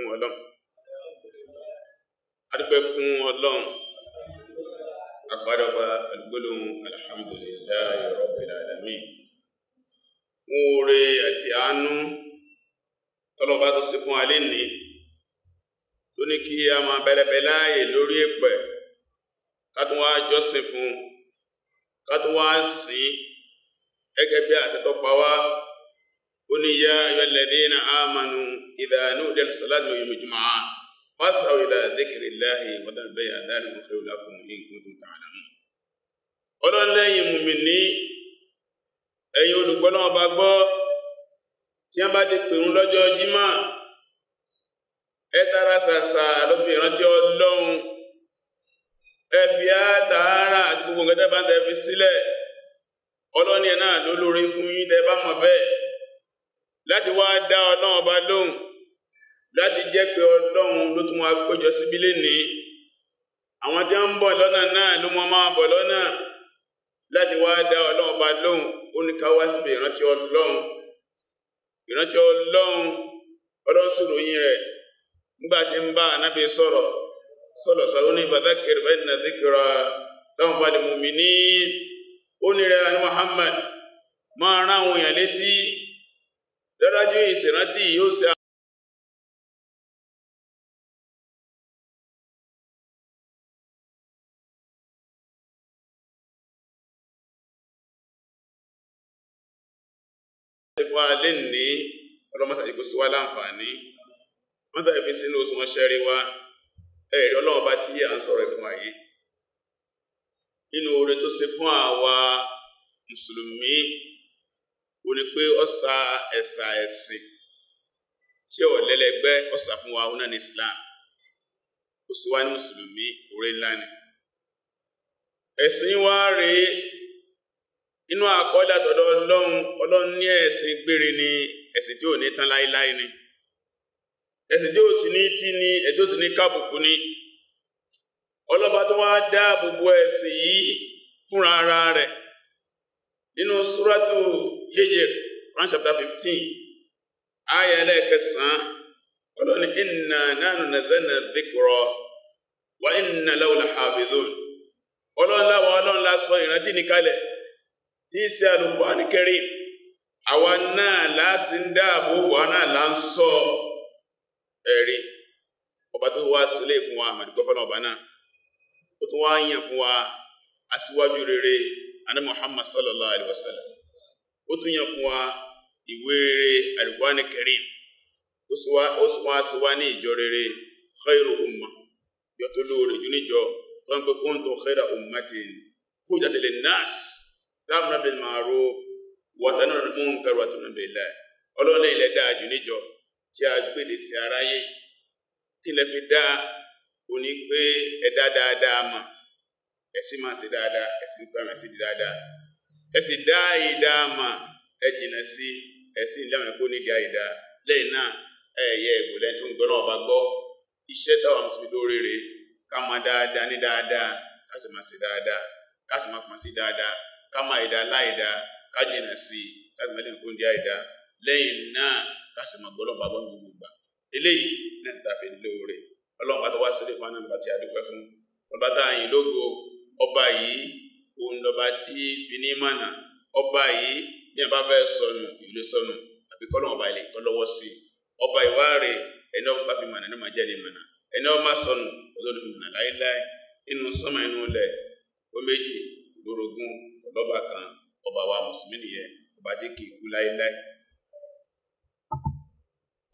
fún ọlọ́run adúpẹ́ fún ọlọ́run àpádọ́gba àdúgbòlóhun alhamdulillahi rabbil alamin fún oore àti àánú tọ́lọ́bá tó sí fún alé ní tó ní kí a máa bẹ̀rẹ̀bẹ̀ láàyè lórí ẹ̀pẹ̀ kátúnwá jọ́sìn fún kátúnwá sìn gẹ́gẹ́ bí àṣẹ wá ó ní yá ayyuhalladhina amanu إذا نودي الصلاة يوم الجمعة فاسعوا إلى ذكر الله وذروا البيع ذلكم خير لكم إن كنتم تعلمون ọlọ́run lẹ́yìn mùmínì ẹ̀yin olùgbọ́lọ́wọ́ bá gbọ́ tí wọ́n bá ti pèrún lọ́jọ́ jímá ẹ tara sàsà lọ́sùn ìrántí ọlọ́run ẹ fi àtàárà àti gbogbo nǹkan tẹ́ bá ń tẹ́ fi sílẹ̀ ọlọ́run yẹn náà lólórí fún yín tẹ́ bá mọ̀ bẹ́ẹ̀ láti wá dá ọlọ́run ọba lóhùn láti jẹ́ pé ọlọ́run ló tún wá péjọ nìí. àwọn tí wọ́n ń bọ̀ lọ́nà náà ló mọ́ máa bọ̀ lọ́nà láti wá dá ọlọ́run ọba lóhùn ó ní ká wá síbi ìrántí ọlọ́run ìrántí ọlọ́run ọlọ́run yín rẹ̀ nígbà tí ń bá dájú ìsìnrántí yóò ṣe fún alé ní ọlọ́mọ́sà ìkó sí wá láǹfààní mọ́sà ìfi sínú oṣù wọn ṣẹ́rí wá ẹ̀rí ọlọ́wọ́ bá tí à ń sọ̀rọ̀ ìfún ayé nínú oore tó ṣe fún àwa mùsùlùmí ó ní pé ọ̀sà ẹ̀sà ẹ̀sìn tí ọ̀lẹ́lẹ́gbẹ́ fún wa ọ̀nà ní Islam ó sì wá ní mùsùlùmí orí ńlá ni wa rèé inú àkọọ́lẹ̀ àtọ̀dọ̀ ọlọ́run ọlọ́run ní ẹ̀sìn gbére ni ẹ̀sìn tí ò ní tán láíláí ni ẹ̀sìn tí ò sì ni tí ò ni ara rẹ. Hijr Quran chapter fifteen ayé ẹlẹ́ẹ̀kẹsàn-án ọlọ́ni inna nahnu nazzalna dhikra wa inna lahu lahafidhun ọlọ́nlá wa ọlọ́nlá sọ ìrántí ní kalẹ̀ tí í ṣe Al-Qur'an Karim àwa náà láàsí ń dáàbò wà náà là ń sọ ẹ̀rí ọba tó wá sílé fún wa àmàdìgbọ́fọ́nà ọba náà ó tún wá yàn fún wa aṣíwájú rere ànábì Muhammad sallallahu alaihi wasallam ó tún yàn fún wa ìwé rere Al-Qur'an Karim ó sì wá sí wá ní ìjọ rere khairu umma yọ tó lóore jù níjọ tó ń pè kuntu khaira ummatin hujjat lin-nas ta'muruna bil-ma'ruf wa tanhawna 'anil munkar wa tu'minuna billah ọlọ́lẹ̀ ilẹ̀ dáa jù níjọ tí a gbèdè sí aráyé kí lẹ fi dáa ò ní pé ẹ̀dá dáadáa mà ẹ̀sìn máa ṣe dáadáa ẹ̀sìn pàmẹ́sì dáadáa ẹ sì dá ìdá mà ẹ jìnà sí ẹ̀sìn ìlànà kó nídìí àìdá lẹ́yìn na. ẹ̀yẹ ìgbòlẹ́ tó ń gbọ́ náà bá gbọ́ iṣẹ́ táwọn mùsùlùmí lórí rẹ̀ ká máa dáadáa ní dáadáa ká sì máa sí dáadáa ká sì máa pọ̀ sí dáadáa ká máa ìdá láìdá ká jìnà sí ká sì máa lẹ́yìn kó nídìí àìdá lẹ́yìn náà ká sì máa gbọ́ náà bá gbọ́ ní gbogbo gbà eléyìí náà sì tàbí lóore ọlọ́run tó wá sílé fún anáàlú bá ti àdúpẹ́ fún ọba táyìn lógo ọba yìí òun lọba tí fi ma na ọba yi sọnụ ìlú sọnù àfi ọba ilẹ̀ kọ́ si ọba ìwá ẹni ọba fi mọ̀nà ní màjẹ́ n'i mana ẹni ọba ọzọ ọdún fi mọ̀nà láéláé inú sánmà inú ilẹ̀ ó lórogún kan ọba wa mùsùlùmí ọba kì í kú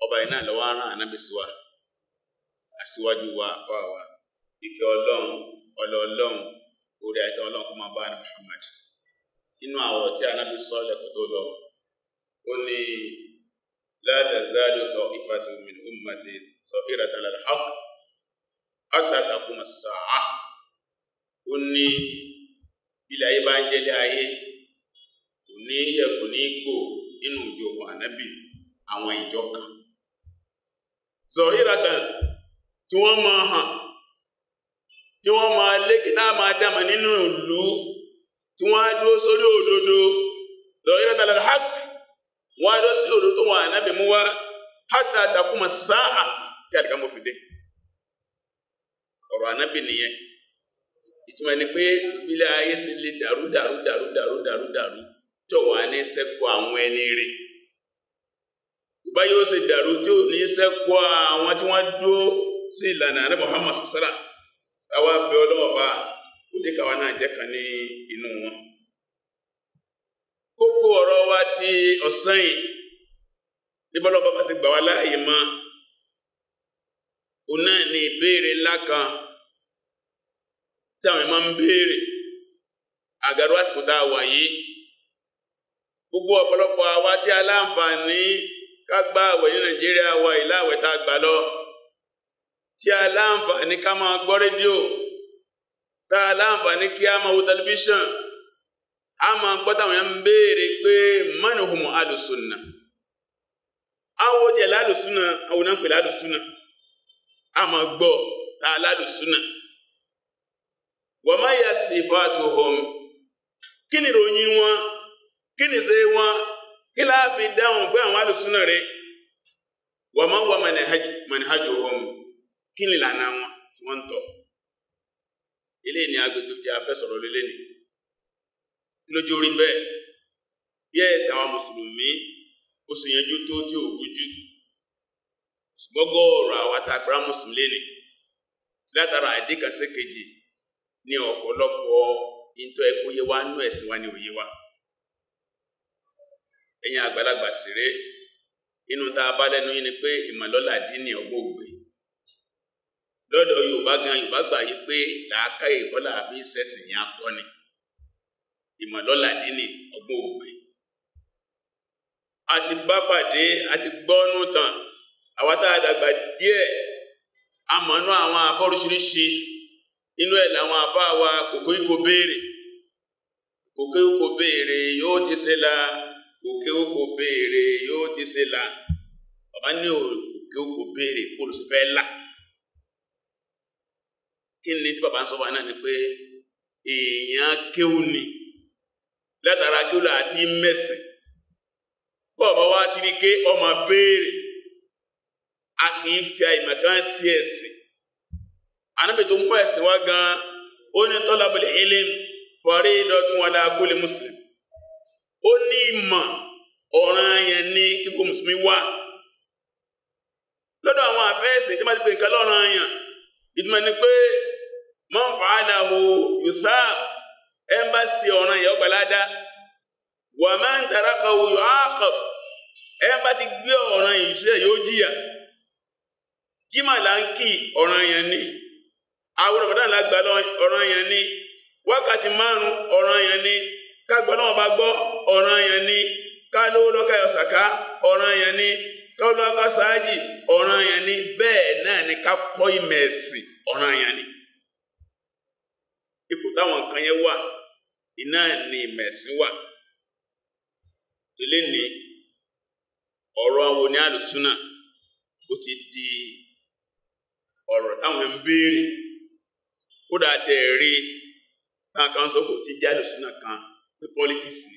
ọba yìí náà wa orí ajá ọlọ́kùn máa bá ní Muhammad inú àwọn tí anábì sọ lẹ́kọ̀ọ́ tó lọ ó ní la tazalu ta'ifatu min ummati zahirata ala al-haqq hatta taquma as ó ní ilẹ̀ ayé bá ń jẹ́lé ayé kò ní yẹ ní gbò nínú ìjọ ànábì àwọn ìjọ kan zahirata tí wọ́n máa hàn tí wọ́n máa lékè tá máa dámà nínú ìlú tí wọ́n á dúró sórí òdodo lọ́yìn látàlá hak wọ́n á dúró sí òdodo tó wọ́n ànábì mú wá hátà àdàkùnmọ̀ sáà tí àdìgámọ̀ fi dé ọ̀rọ̀ ànábì nìyẹn ìtumọ̀ ni pé ìpínlẹ̀ ayé sì lè dàrú dàrú dàrú dàrú dàrú dàrú tí ọ̀wọ́ á ní sẹ́kọ̀ àwọn ẹni rè ìbá yóò ṣe dàrú tí ò ní sẹ́kọ̀ àwọn tí wọ́n dúró sí ìlànà ànábì Muhammad sallallahu alaihi wasallam àwa ń bẹ ọlọ́wọ́ bá kò jẹ́ káwa náà jẹ́ kan ní inú wọn kókó ọ̀rọ̀ wa ti ọ̀sán yìí níbọ́lọ́ bàbá sì gbà wá láàyè mọ́ òun náà ni ìbéèrè ńlá kan tí àwọn ẹ̀mọ́ ń béèrè àgàrú àsìkò tá a wà yìí gbogbo ọ̀pọ̀lọpọ̀ àwa tí aláǹfààní ká gbá àwẹ̀ ní Nàìjíríà wa ìláwẹ̀ tá a gbà lọ tí a láǹfààní ká máa gbọ́ rédíò tá a láǹfààní kí a máa wo tẹlifíṣàn a máa gbọ́ táwọn yẹn ń béèrè pé mọ́nìhùn alùsùnà àwọn jẹ́ lálùsùnà àwọn náà pè lálùsùnà a máa gbọ́ tá a lálùsùnà wọ́n máa yà sí ìfọ́àtò hom kí ni ròyìn wọn kí ni ṣe wọn kí láàfin dáhùn pé àwọn alùsùnà rẹ wọ́n máa wọ mọ̀nìhájò hom. kí ni ìlànà wọn tí wọ́n ń tọ̀ ilé ní agbègbè tí a fẹ́ sọ̀rọ̀ lélé ni kí lójú bí ẹ̀sẹ̀ àwọn mùsùlùmí ó sì yanjú tó tí ò rújú gbọ́gọ́ọ̀rọ̀ àwọn àtàgbà mùsùlùmí lé látara àdíkàsẹ́ kejì ní ọ̀pọ̀lọpọ̀ ìntọ́ nú ni pé dín ní lọ́dọ̀ Yorùbá gan Yorùbá gbà yí pé làákà ìkọ́lá fi sẹ́sìn yá kọ́ ni ìmọ̀lọ́lá dínì ọgbọ́n ògbè a ti bá pàdé a ti gbọ́nú tàn àwátá àdàgbà díẹ̀ a mọ̀nú àwọn afọ́rúṣiríṣi inú ẹ̀ làwọn afá wa kòkó ikò béèrè kòkó béèrè yóò ti ṣe la kòkó béèrè yóò ti ṣe la bàbá ní òkè okò béèrè pólùsì fẹ́ là kí ni tí bàbá ń sọ wà náà ni pé èèyàn kéwù ni látara kéwù láti mẹ́sìn bọ́ọ̀bá wá ti rí ké ọmọ béèrè a kìí fi àìmọ̀kan sí ẹ̀sìn anábì tó mú ẹ̀sìn wá gan ó ní talabul ilm faridatun ala kulli muslim ó ní ìmọ̀ ọ̀ràn yẹn ní kíkó mùsùlùmí wà lọ́dọ̀ àwọn àfẹ́ẹ̀sìn tí wọ́n ti pè nǹkan lọ́ràn yẹn ìtumọ̀ ni pé man fa'alahu yuthab ẹ má sí ọ̀ràn yẹn ọgbàládá wa man tarakahu yu'aqab ẹ bá ti gbé ọ̀ràn yìí sílẹ̀ yóò jìyà ni àwọn Ramadan la ni wakati márùn ọ̀ràn ya ni kágbọ́n náà bá gbọ́ ya ni ká ka lọ́ka saka ọ̀ràn ni ká lọ́ka sáájì ọ̀ràn yẹn ni na ni ni. ipò táwọn nǹkan yẹn wà iná ni ìmẹ̀sìn wà tó lè ní ọ̀rọ̀ àwọn ní ó ti di ọ̀rọ̀ táwọn ń béèrè kódà tẹ̀ rí náà kan sọ kò ti jẹ́ àlùsúnà kan pé politics ni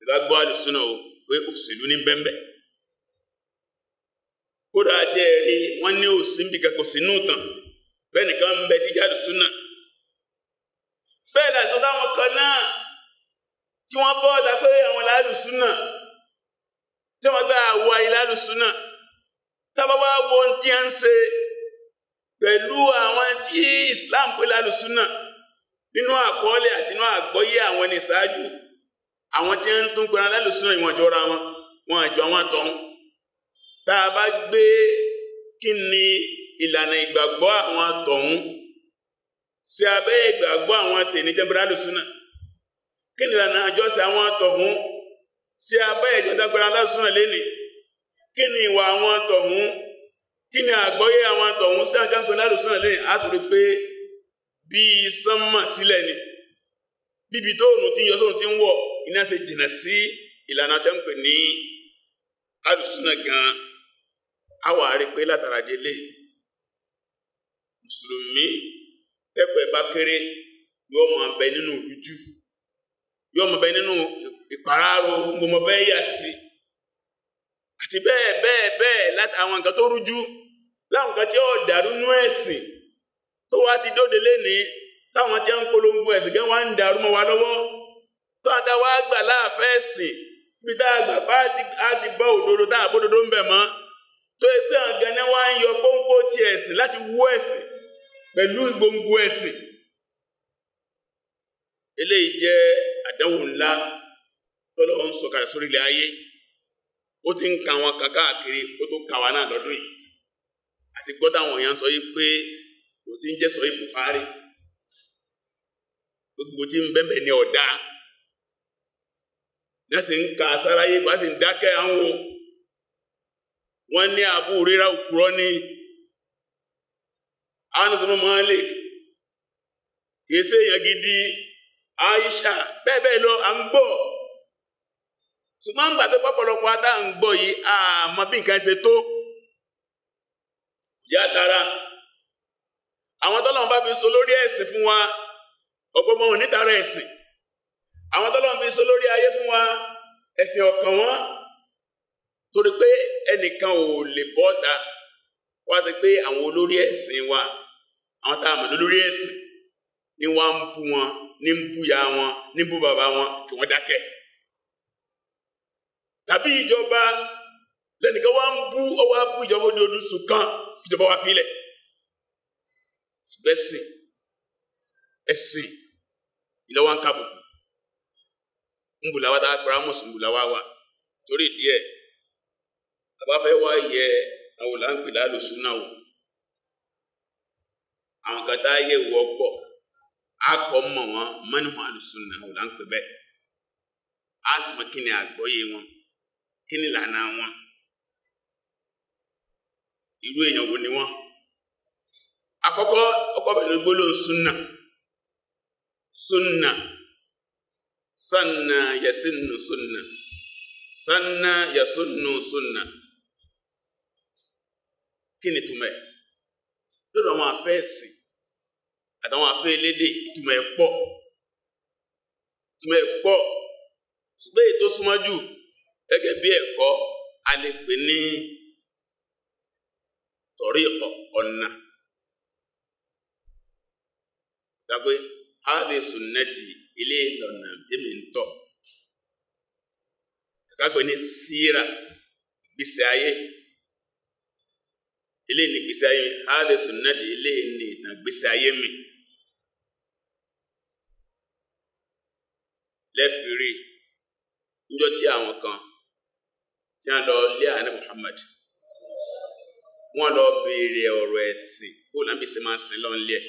ìgbà gbọ́ àlùsúnà o pé òṣèlú ní bẹ́ńbẹ́ kódà tẹ̀ rí wọ́n ní òsínbí kẹ́kọ̀ọ́ sínú tàn bẹ́ẹ̀ nìkan ń bẹ ti àlùsúnà bẹ́ẹ̀ làtọ́ táwọn kan náà tí wọ́n bọ́ ọ̀dá pé àwọn lálùsúnà tí wọ́n gbá àwọ̀ ìlálùsúnà tábàbá wo tí a ń ṣe pẹ̀lú àwọn tí Islam pé lálùsúnà nínú àkọọ́lẹ̀ àti inú àgbọ́yé àwọn ẹni ṣáájú àwọn tí ń tún gbẹran lálùsúnà ìwọ̀n jọra wọn wọn àjọ wọn tọ̀hún tá a bá gbé kí ni ìlànà ìgbàgbọ́ àwọn tọ̀hún ṣe abẹ́ ìgbàgbọ́ àwọn tèmi tẹ́mbẹ̀rẹ̀ alùsùnà kí ni ìlànà àjọsẹ̀ àwọn tọ̀hún ṣe abẹ́ ìjọ tẹ́mbẹ̀rẹ̀ alùsùnà lẹ́nì kí ni ìwà àwọn tọ̀hún kí ni àgbọ́yé àwọn tọ̀hún sí àjọsẹ̀ alùsùnà pé bí sánmà ni bíbi tó òun ti ti ń wọ̀ iná ṣe jìnà sí ìlànà ní alùsùnà gan látara tẹ́kọ̀ọ́ ẹ̀ kéré yóò bẹ nínú ìjú yọọ máa bẹ nínú ìpararo gbọmọ bẹ́ẹ̀ yà sí àti bẹ́ẹ̀ bẹ́ẹ̀ bẹ́ẹ̀ láti àwọn nǹkan tó rújú láwọn nǹkan tí ó dàrú nú ẹ̀sìn tó wá ti dóde táwọn ń polongo gẹ́gẹ́ wá ń dàrú mọ́ wa lọ́wọ́ tó wá gbà láàfẹ́ ibi tá a gbà bá a ti bọ́ òdodo tá a ń bẹ̀ pẹ̀lú gbogbo ẹ̀sìn eléyìí jẹ́ àdánwò ńlá tọ́lọ́wọ́ ń sọ̀kà sórí ilẹ̀ ayé ó ti ń ka wọn kàkàkiri ó tó kàwà náà lọ́dún yìí àti gbọ́dọ̀ àwọn èèyàn sọ yìí pé kò sí ń jẹ́ sọ yìí Buhari gbogbo tí ń bẹ́ẹ̀ ní ọ̀dá lẹ́sìn ń ka sáráyé bá sì ń dákẹ́ àwọn wọn ní àbúrò rírà òkúrọ́ ní Anas ibn Malik kìí ṣe èèyàn gidi Aisha bẹ́ẹ̀ bẹ́ẹ̀ lọ à ń gbọ́ ṣùgbọ́n ń gbà tó pọ̀pọ̀lọpọ̀ ata ń gbọ́ yìí àmọ́ bí nǹkan ṣe tó ìyá tara àwọn tọ́lọ́run bá fi so lórí ẹ̀sìn fún wa ọ̀pọ̀ mọ́ onítara ẹ̀sìn àwọn tọ́lọ́run fi so lórí ayé fún wa ẹ̀sìn ọ̀kan wọn torí pé ẹnìkan ò lè bọ́ta wá sí pé àwọn olórí ẹ̀sìn wa àwọn tá a mọ̀ lórí ẹ̀sìn ni wọ́n ń bú wọn ní ń bú ya wọn ní ń bú bàbá wọn kí wọ́n dákẹ́ tàbí ìjọba lẹ́nìkan wá ń bú ọwọ́ abú ìjọba odòdó sùn kan ìjọba wa filẹ̀ ṣùgbọ́n ẹ̀sìn ẹ̀sìn ìlọ́wọ́ ń kábùkù ń bùlàwà tá a gbára mọ̀sùn bùlàwà wa torí díẹ̀ àbáfẹ́ wá yẹ àwòlá ń pè lálòsùn náà wò àwọn kan tá yẹ wọ pọ̀ á kọ́ mọ̀ wọn mọ́nìmọ́ àlùsùn náà wò láǹpẹ́ bẹ́ẹ̀ á sì mọ kí ni wọn kini lana wọn iru èèyàn wo ni wọn àkọ́kọ́ ọkọ̀ bẹ̀rẹ̀ gbólóhùn súnà súnà sanna yasinnu sunna sanna yasunnu sunna kí ni túmọ̀ lọ́dọ̀ àwọn afẹ́ ẹ̀sìn àtàwọn afẹ́ elédè ìtumọ̀ ẹ̀ pọ̀ ìtumọ̀ ẹ̀ pọ̀ ṣùgbọ́n èyí tó súnmọ́ jù gẹ́gẹ́ bí ẹ̀kọ́ a lè pè ní tọ̀rí ọ̀nà gbàgbé áàdì sùnẹ́tì ilé ìlọ̀nà tèmi ń tọ̀ gbàgbé ní síra ayé ilé ní gbèsè ayé hádé sunnati ilé ní gbèsè ayé mi lẹ́fìrí níjọ́ àwọn kan tí wọ́n lọ lé àná Muhammad wọn lọ béèrè ọ̀rọ̀ ẹ̀sìn kó nàbí sí máa sin lọ́n lé ẹ̀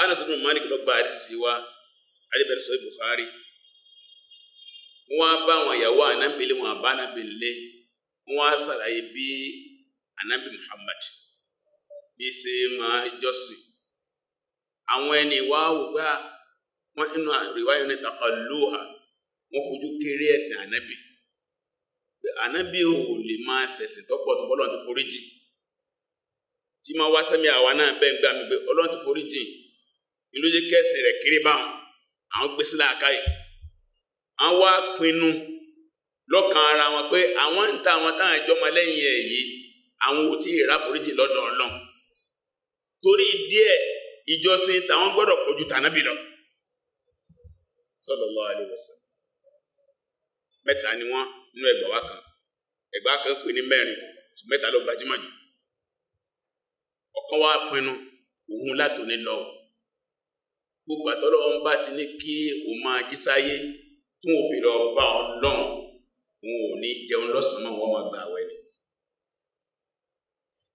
àná sọ́nà Malik ló àdìsí wa adébẹ̀rẹ̀ sọ Buhari, wọ́n bá àwọn ìyàwó ànábìlẹ̀ wọn àbánábìlẹ̀ wọ́n anabi muhammad bí ṣe máa jọ́sìn àwọn ẹni wá wò pé ah, wọ́n nínú àríwáyọ̀ ní taqalluha wọ́n fojú kéré ẹ̀sìn anabi anabi ò lè máa ṣẹ̀sìn tọ́pọ̀ tó bọ́lọ̀ ti foríjì tí máa wá sẹ́mi àwa náà bẹ́ẹ̀ gbà mí pé ọlọ́run ti foríjì ìlú jẹ́ kẹ́sìn rẹ̀ kéré báwọn àwọn gbèsè làákàyè àwọn wá pinnu lọ́kàn ara wọn pé àwọn ń ta àwọn táwọn ìjọmọlẹ́yìn ẹ̀ yìí àwọn ò tí ì rà foríjì lọ́dọ̀ Ọlọ́run torí díẹ̀ ìjọsìn tàwọn gbọ́dọ̀ pọ̀jù tànábì lọ sallallahu alaihi wasallam mẹ́ta ni wọ́n nínú ẹgbà wa kan ẹgbà kan pè ní mẹ́rin mẹ́ta ló gbajúmọ̀ jù ọ̀kan wá pinnu òun látòní lọ gbogbo àtọ́lọ́ ń bá ti ní kí òun máa jí sáyé tó òfin lọ bá ọ lọ́hùn òun ò ní jẹun lọ́sàn-án wọn máa gbà wẹ̀ ni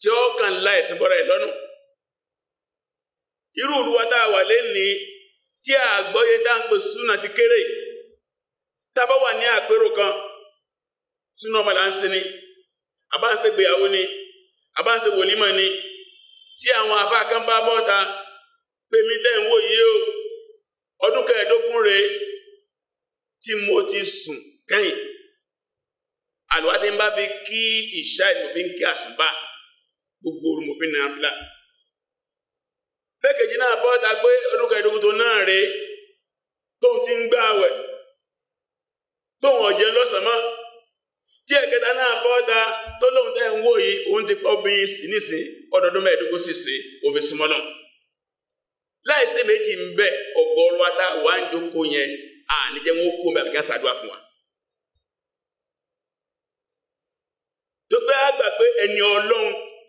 tí ó kàn la ẹ̀sìn bọ́ra ẹ̀ lọ́nu irú olúwa tá a wà lẹ́ni tí àgbọ́yé tá ń pè súnà ti kéré wà ní àpérò kan súnà ọmọ ń àbá ń ni àbá ń ni tí àwọn àfáà kan pèmí wò o ọdún kẹẹ̀ẹ́dógún tí mo ti sùn kẹ́yìn àlùwádìí ń bá gbogbo orun mo fi na fílà náà pé orúkọ ìdókòtò náà rèé tóun ti ń gbá àwẹ̀ tóun ọ̀jẹ́ lọ́sànmọ́ tí ẹ̀kẹta náà bọ́ ta tó lóun ń wò yìí òun ti pọ bí nísìn ọdọọdún mẹ́ẹ̀ẹ́dógún sísè òfin súnmọ́ náà láìsí méjì ń bẹ ọgọ́rùn ata wà ń yẹn wọn wa. tó pé àgbà pé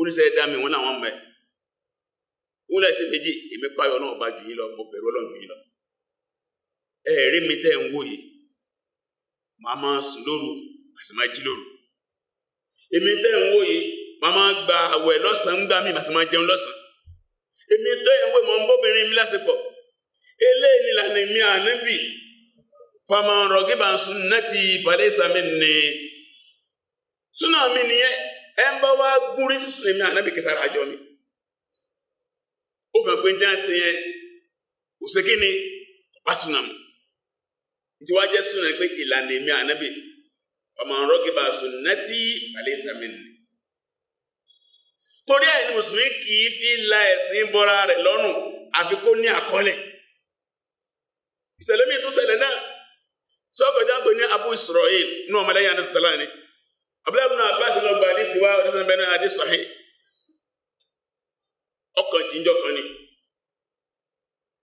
oníṣẹ́ dá mi wọn làwọn mọ̀ wọn lẹ́sẹ̀ méjì èmi náà bá jù yín lọ mo bẹ̀rù jù yín lọ mi tẹ ń wò yìí màá máa sùn lóru àti máa jí lóru èmi tẹ ń wò yìí màá máa gba án gbà mi màá máa jẹun lọ́sàn èmi ń wò ń mi lásìkò eléyìí mi ni súnà mi nìyẹn. ẹ ń bá wá gúnrí sísun èmi ànábì kẹsàrà àjọ mi ó fẹ́ pé jẹ́ yẹn kò sí kí ni ọ̀pá sùnà mu ìtí wàá jẹ́ sùnà pé ìlànà èmi ànábì ọmọ ọ̀rọ̀ gíba sunnati alaysa minni torí ẹ̀ ní mùsùlùmí kì í fi la ẹ̀sìn bọ́ra rẹ̀ lọ́rùn àfi kó ní àkọọ́lẹ̀ ìṣẹ̀lẹ̀ mi náà ní Abu Israel ní abúlé ibùn abbas na gba àdísì wá oníṣẹ́ bẹ́ẹ̀ náà àdísì ọkàn jíjọ ni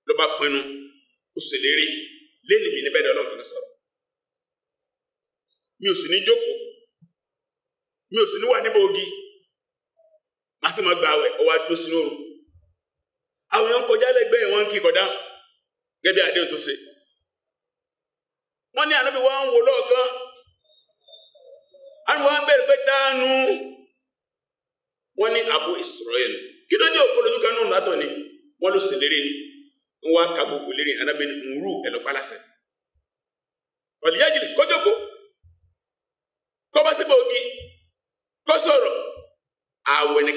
ló bá pinnu ó sì lérí n'ebe mi ní mi ò sì mi ò sì ní ogi màá sì máa ọwa àwẹ̀ ọwọ́ adó sínú òru àwọn èèyàn wọ́n àwọn wa bẹ̀rẹ̀ anụ tánu wọ́n ní Abu Israel kí ló dé òkú lójú ni wọ́n ni ka gbogbo lérí anábẹ́ni nrú ẹ̀lọ́pàlásẹ̀ ọ̀lẹ́yàjì kọjọ́kọ́ kọ́bá síbò ògì kọ́ sọ̀rọ̀ kọsọrọ gbogbo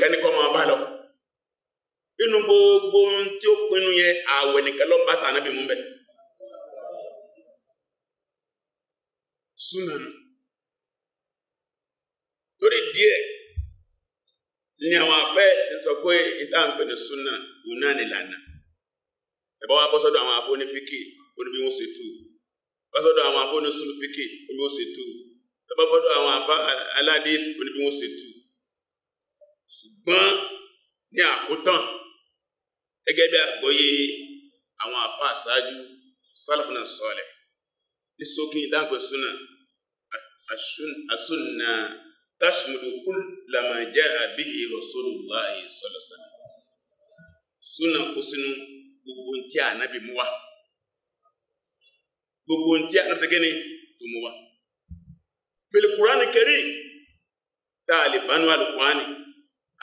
tí torí díẹ̀ ní àwọn afẹ́ẹ̀sì sọ pé ìtàǹpẹ̀ ní lana. òun náà nìlànà ẹ̀bá wa bọ́ sọ́dọ̀ àwọn afọ́nífíkì oníbí wọn ṣe tù bọ́ sọ́dọ̀ àwọn afọ́nísúlùfíkì oníbí wọn ṣe tù bọ́ sọ́dọ̀ àwọn afá aládé oníbí wọn ṣe tù ṣùgbọ́n ní àkótán gẹ́gẹ́ bí àgbọ́yé àwọn afá àṣáájú sálàfúnà sọ̀lẹ̀ ní sókè ìtàǹpẹ̀ súnà àsúnà tashmudu kulla ma jaa bihi rasulullahi sallallahu alaihi wasallam súnà kó sínú gbogbo ntí ànábì mú wa gbogbo ntí ànábì sẹ́kẹ́ni tó mú wa fil Qur'ani karim tá a lè bánú alukurani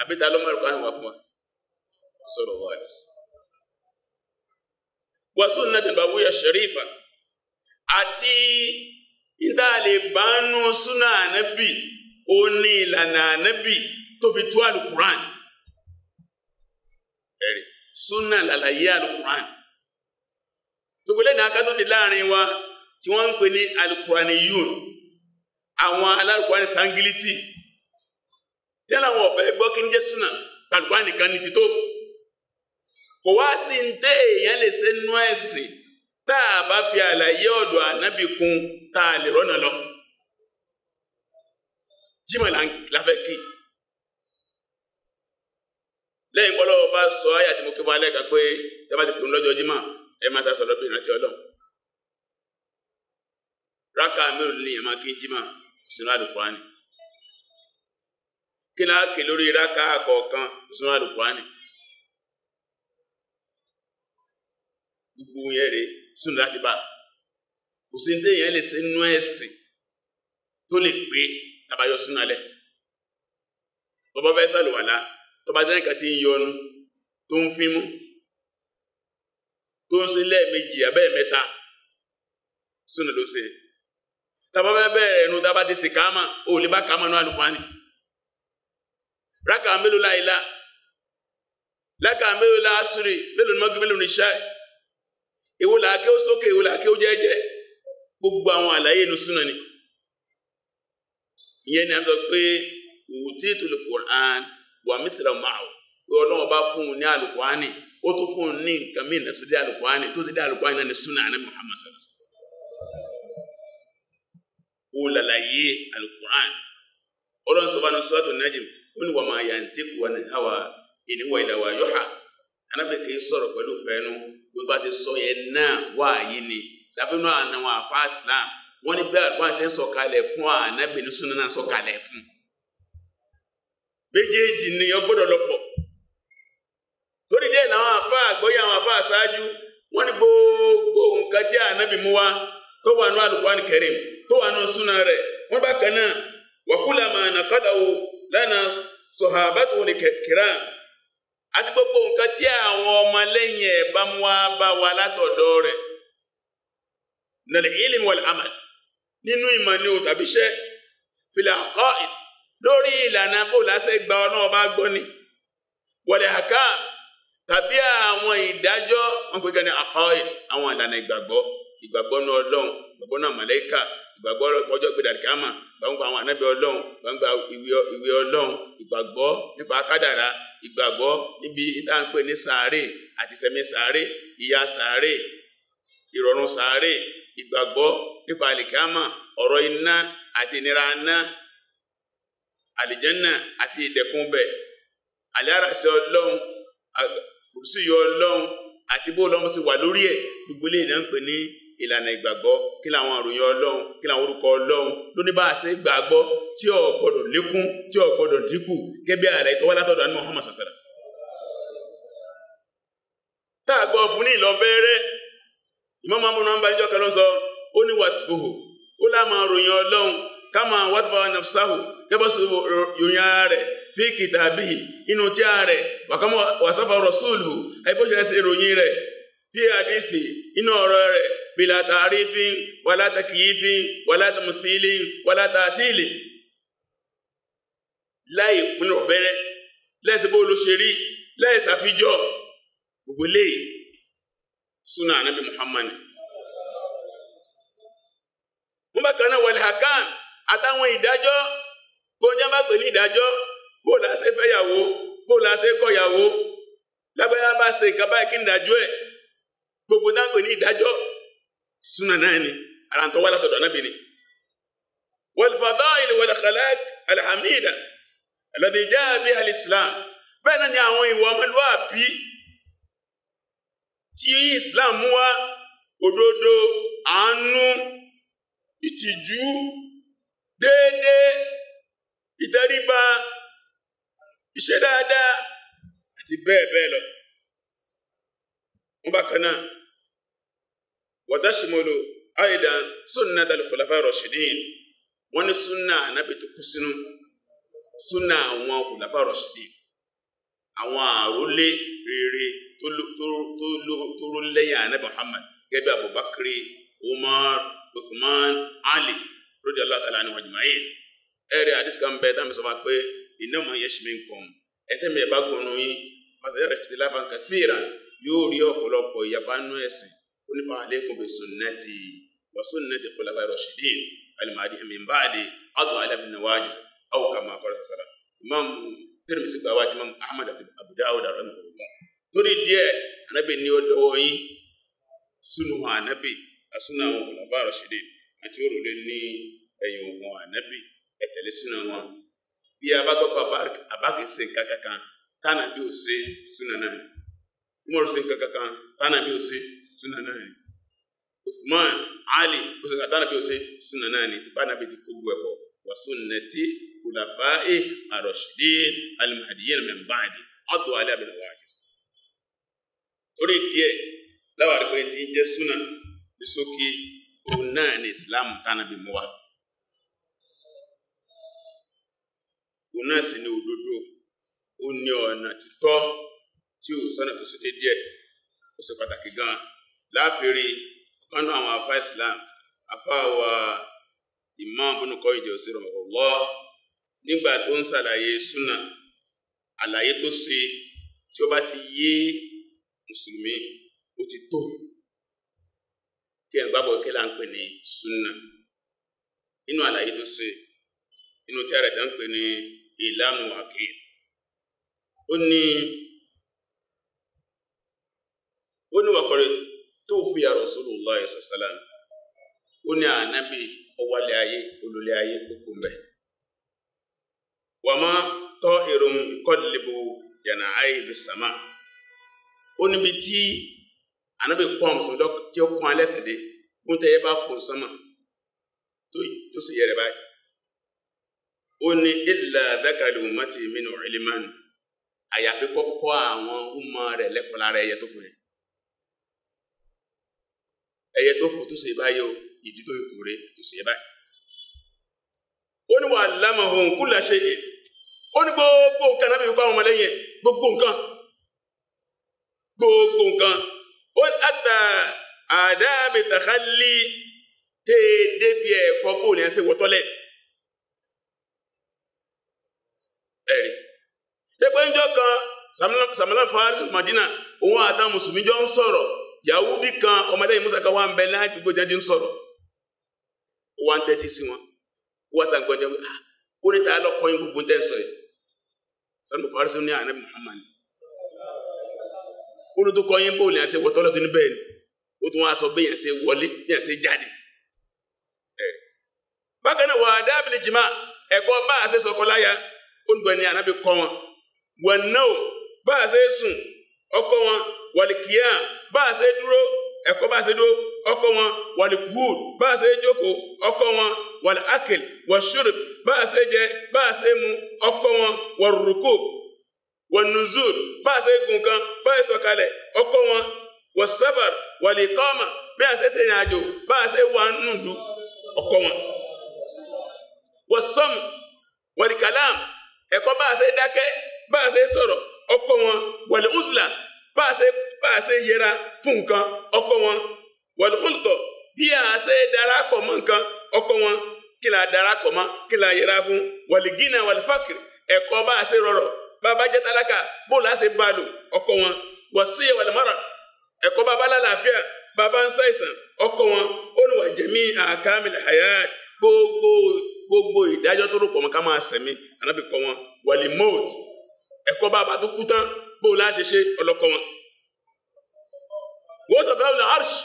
àbí tá a lọ́mọ alukurani wà fún wa sallallahu alaihi wasallam wa sunnatin bawiya sharifa àti ìdá a lè bánú súnà ó ní ìlànà ànábì tó fi tú alukuran ẹ̀rí súnà làlàyé alukuran gbogbo lẹ́nà akátọ́dé láàrin wa tí wọ́n ń pè ní alukurani yun àwọn alukurani sangiliti tí àwọn ọ̀fẹ́ gbọ́ kí ń jẹ́ súnà alukurani nìkan ní ti tó kò wá sí ń tẹ́ èèyàn lè ṣe nú ẹ̀sìn tá a bá fi àlàyé ọ̀dọ̀ ànábì kún tá a lè rọ́nà lọ. Jímọ̀ láfẹ́ kí lẹ́yìn pọ́lọ́ bá sọ ayà tí mo kí fún alẹ́ kan pé ẹ bá ti pè ń lọ́jọ́ Jímọ̀ ẹ máa ta sọ̀rọ̀ bìnrin àti ọlọ́run rákà mélòó ni ẹ máa kí Jímọ̀ kò sínú àlùkùránì kí náà kè lórí gbogbo yẹn rèé sùn láti bá kò sí ní téèyàn lè ṣe nú ẹ̀sìn tó lè pé tàbáyọ súnà lẹ̀ bọ́bọ́ fẹ́ sàlùwàlá tó bá jẹ́ nǹkan tí ń yọnu tó ń fímú tó ń sin lẹ́ẹ̀mejì abẹ́ mẹ́ta súnà ló ṣe tàbá fẹ́ bẹ̀rẹ̀ ẹnu dábàá ti sì káàmà ò lè bá káàmà náà lùkwani rákà mélòó láìlá lákà mélòó láásìrì mélòó ní mọ́gí mélòó ní ṣáì èwo làákẹ́ ó sókè èwo làákẹ́ ó gbogbo àwọn àlàyé inú súnà ni ìyẹn ni a sọ pé òtí tó lè Qur'an wà mithla ma'ahu pé ọlọ́wọ́ bá fún un ní alukur'ani ó tún fún un ní nǹkan mí ìnáṣẹ́ dé alukur'ani tó ti dé alukur'ani náà ní sunna àná Muhammad sallallahu alaihi wasallam ó ọlọ́run sọ bá ní suratul ó ní wa ma yantiqu anil hawa in huwa illa wahyuha anábẹ́ kì í sọ̀rọ̀ pẹ̀lú fẹ́ẹ́nu gbogbo àti sọ yẹn náà wáyé ni lábínú àwọn àfáà Islam wọ́n ní bẹ́ẹ̀ wọ́n ṣe ń sọ̀kalẹ̀ fún ànábì ní súnú náà sọ̀kalẹ̀ fún méjèèjì ni ó gbọ́dọ̀ lọ́pọ̀ lórí dé làwọn àfá àgbọ́yé àwọn àṣáájú wọ́n ní gbogbo nǹkan tí ànábì mú tó wà ní tó wà lana àti gbogbo nǹkan tí àwọn ẹ̀ bá nínú ìmọ̀ ni o tàbí iṣẹ́ fìlà kọ́ lórí ìlànà bó lásẹ̀ gba ọ̀nà ọba gbọ́ ni wọ̀lẹ̀ àká tàbí àwọn ìdájọ́ wọn pé kẹ́ni àkọ́ìd àwọn ìlànà ìgbàgbọ́ ìgbàgbọ́ náà ọlọ́run ìgbàgbọ́ náà màláíkà ìgbàgbọ́ ọjọ́ gbé dàríkàmà gbàgbọ́ àwọn ànábì ọlọ́run gbàgbọ́ ìwé ọlọ́run ìgbàgbọ́ nípa kádàrá ìgbàgbọ́ níbi táǹpẹ̀ ní sàárè àti sàárè ìyà sàárè ìrọ̀rùn sàárè ìgbàgbọ́ nípa àlìkámà ọ̀rọ̀ iná àti ìnira aná àlìjẹ́nà àti ìdẹ̀kùnbẹ̀ àlárasẹ ọlọ́run kùrùsíyọ ọlọ́run àti bó ọlọ́run sì wà lórí ẹ̀ gbogbo ilé ìdá ń pè ní ìlànà ìgbàgbọ́ kí làwọn àròyìn ọlọ́run kí làwọn orúkọ ọlọ́run ló bá a ṣe gbàgbọ́ tí ò gbọdọ̀ lékún tí ò gbọdọ̀ dínkù gẹ́gẹ́ bí ààrẹ ìtọ́wá látọ̀dọ̀ àní Muhammad sàṣàrà tá fún ní ìlọ Imam Ahmad nọ́mbà níjọ́ kan ló ń sọ ó ní wàsíbòhò ó láàmà ròyìn ọlọ́run káàmà wàsíbòhò nàfṣàhò kẹ́bọ́sì ròyìn ara rẹ̀ fi kitabihi inú tí a rẹ̀ wàkàmọ́ wàsáfà rasuluhu àìbóṣẹ̀rẹ̀ sí ròyìn rẹ̀ fi hadithi inú ọ̀rọ̀ rẹ̀ bila ta'rifin wala takyifin wala tamthilin wala ta'tili láì fún ọ̀bẹ̀rẹ̀ lẹ́sẹ̀ bó ló ṣe rí láì ṣàfijọ́ gbogbo léyìí suna anabi muhammad wọn bá kan náà wàlẹ̀ hakan àtàwọn ìdájọ́ gbọ́njá bá pè ní ìdájọ́ bó la ṣe fẹ́ yàwó bó la ṣe kọ́ yàwó lábẹ́yà bá ṣe nǹkan báyìí kí ni ìdájọ́ ẹ̀ gbogbo náà pè ní ìdájọ́ suna náà ni àràǹtọ́ wà látọ̀dọ̀ anabi ni wal fadail wal akhlaq alhamida alladhi jaa biha bẹ́ẹ̀ náà ni àwọn ìwà ọmọlúwàbí tí Islam mú wá òdodo àánú ìtìjú déédé ìtẹríba ìṣe dáadáa àti bẹ́ẹ̀ bẹ́ẹ̀ lọ wọ́n bá kan náà wàtásímọ́lò aidan sunna dalkhulafa rashidin wọ́n ní sunna ànábì tó kú sínú sunna àwọn khulafa rashidin àwọn àrólé rere tó ró lẹ́yìn anabi muhammad gẹ́gẹ́ abubakar umar uthman ali rodi alatala ni wàjúmáyé ẹ̀rẹ̀ àdìsíkà ń bẹ táwọn sọ́fà pé iná máa yẹ ṣe mí nǹkan ẹ̀tẹ́mi ẹ̀bá gbọ́nù yín pàṣẹ rẹ̀ fìdí láfa nǹkan fìrà yóò rí ọ̀pọ̀lọpọ̀ ìyapa nú ẹ̀sìn ó nípa àlékún bẹ sunnati wa sunnati khulafa rashidin alimadi min ba'di adu alabina wajib aw kama qala sallallahu alaihi wasallam imam tirmidhi gba wajib imam ahmad àti abu dawud torí díẹ̀ anábì ní ó dọwọ́ yín sínú anábì asúnà àwọn khulafa rashidin àti òrùlé ní ẹ̀yìn ohun anábì ẹ̀tẹ̀lé sínú wọn bí a bá gbọ́ pé àbákì ṣe nǹkan kankan tánà bí ó ṣe sínú náà ni umar ṣe nǹkan kankan tánà bí ó ṣe sínú náà ni uthman ali ó ṣe nǹkan tánà bí ó náà ni tí bánà ti kó gbogbo ẹ̀bọ̀ wa sunnati khulafa'i ar-rashidin al-mahdiyyin min ba'di addu 'alayha bil-nawajid orí díẹ̀ láwàrí pé tí jẹ́ súnà ní sókè òun náà ni islam tánàbí mú wa òun náà sì ni òdodo ó ní ọ̀nà títọ́ tí ò sọ́nà tó sì dé díẹ̀ ó sì pàtàkì gan láàfírí ọ̀kanú àwọn afá islam afá wa imam bunu Qayyim Jawziyya rahimahullah nígbà tó ń ṣàlàyé súnà àlàyé tó ṣe tí ó bá ti yé mùsùlùmí ó ti tó kí kí là ń pè ní sunna inú àlàyé tó ṣe inú tí a rẹ̀ onye pè ní ìlànà àkè ó ní ó ní wàkọ̀rẹ̀ tó fi ya Rasulullah sallam ó ní ànábì ọwálẹ̀ ayé olólẹ̀ ayé ó níbi tí ànábì kọ́ àwọn mùsùlùmí tí ó kọ́ alẹ́ sìn dé kún tẹ́ yẹ bá fò sánmọ̀ tó sì yẹ rẹ̀ báyìí ó ní illa dákàlù ummati minu ilman àyàfi kọ́kọ́ àwọn ọmọ rẹ̀ lẹ́kọ̀ọ́ lára ẹyẹ tó fò yẹn ẹyẹ tó fò tó sì báyìí o ìdí tó fò rẹ̀ tó sì báyìí ó ní wa allamahum kulla shay'in ó ní gbogbo kana náà bí wọ́n kọ́ àwọn gbogbo nǹkan gbogbo nǹkan ó àtà àdáàbè tàkálí déédéé bí ẹ̀kọ́ bò ní ẹsẹ̀ wọ tọ́lẹ̀tì ẹ̀rí dẹ́pẹ́ ń jọ kan sàmìlà fàárí Madina òun àtàwọn mùsùlùmí jọ ń sọ̀rọ̀ Yahudi kan ọmọlẹ́yìn Musa kan wà ń bẹ ládùúgbò jẹ́ ti ń sọ̀rọ̀ wà ń tẹ́tí sí wọn wọ́n sàn gbọ́njẹ́ wọ́n ah, ní ta lọ́kọ́ yín gbogbo ń tẹ́ ń sọ yìí sàmìlà fàárí sí ní ààrẹ Muhammad bólú tó kọ́ yín bóòlù yẹn ṣe wọ tọ́lẹ̀ tó ní bẹ́ẹ̀ ni ó tún wá sọ bí yẹn ṣe wọlé bí yẹn ṣe jáde. bákan náà wà á jìmá ẹ̀kọ́ bá a ṣe sọkọ láya olùgbọ̀n ni ànábì kọ́ wọn wọn náà bá a ṣe sùn ọkọ wọn wàlìkìyà bá a ṣe dúró ẹ̀kọ́ bá a ṣe dúró ọkọ wọn wàlìkúùd bá a ṣe jókòó ọkọ wọn wàlìákìl wàṣúrù bá a ṣe jẹ bá a ṣe mu ọkọ wọn wàrúkú wọnùzùl baasi a baasi gùn kan bá a sọ̀kalẹ̀ ọkọ wọn wọsẹfàr wàlíkọọmà bí a ṣe ṣe ìrìn baasi bá a ṣe wà nùdú baasi wọn wọsọm wàlíkàlám ẹ̀kọ́ bá a dara dákẹ́ bá kila dara sọ̀rọ̀ kila wọn fun bá a ṣe fakiri a baasi yẹra bàbá jẹ́ tálákà bóun láti bá a lò ọkọ wọn wọ́n sí ẹ̀wà lẹ́mọ́ràn ẹ̀kọ́ bàbá lálàáfíà bàbá ń ṣàìsàn ọkọ wọn ó ní wà jẹ̀mí àkàmì hayat gbogbo gbogbo ìdájọ́ tó rò pọ̀ mọ́ ká máa sẹ̀mí anábì kọ́ wọn wàlí mold ẹ̀kọ́ Baba tó kú tán bóun láti ṣe ọlọ́kọ wọn. wọ́n sọ bẹ́ẹ̀ arch. arsh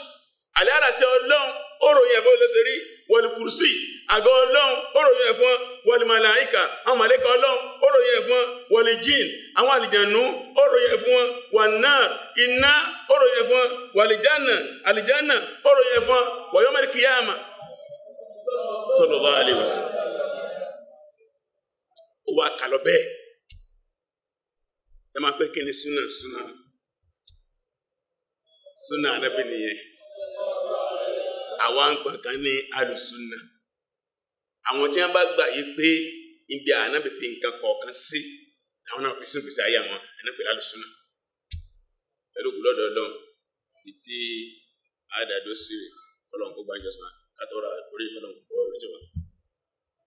àlẹ́ àràsẹ́ ọlọ́run ó ròyìn ẹ̀fọ́ ló ṣe rí wọlé kùrùsì àgọ́ ọlọ́run ó ròyìn ẹ̀fọ́ wọlé màláìkà àwọn màláìkà ọlọ́run ó ròyìn ẹ̀fọn wọlé jìn àwọn àlìjànú ó ròyìn ẹ̀fọn wọnà iná ó ròyìn ẹ̀fọn wàlìjánà àlìjánà ó ròyìn ẹ̀fọn wọ̀yọ́mẹ́rì kìyàmà sallallahu alaihi wasallam ó wà kàlọ́ bẹ́ẹ̀ ẹ máa pẹ́ kí ni súnà súnà súnà anábìnrin yẹn àwọn àgbà kan ní alùsùnà àwọn tí wọn bá gbà yí pé ibi àná bí fi nǹkan kọ̀ọ̀kan sí àwọn náà fi sún gbèsè ayé àwọn ẹni pẹ̀lú àlùsùnà pẹ̀lú ògùn lọ́dọọdún ní ti àdàdo sí ọlọ́run kó gbàjọsìn àtọ́ra orí ìpínlẹ̀ òkú ọ̀rọ̀ ìjọba.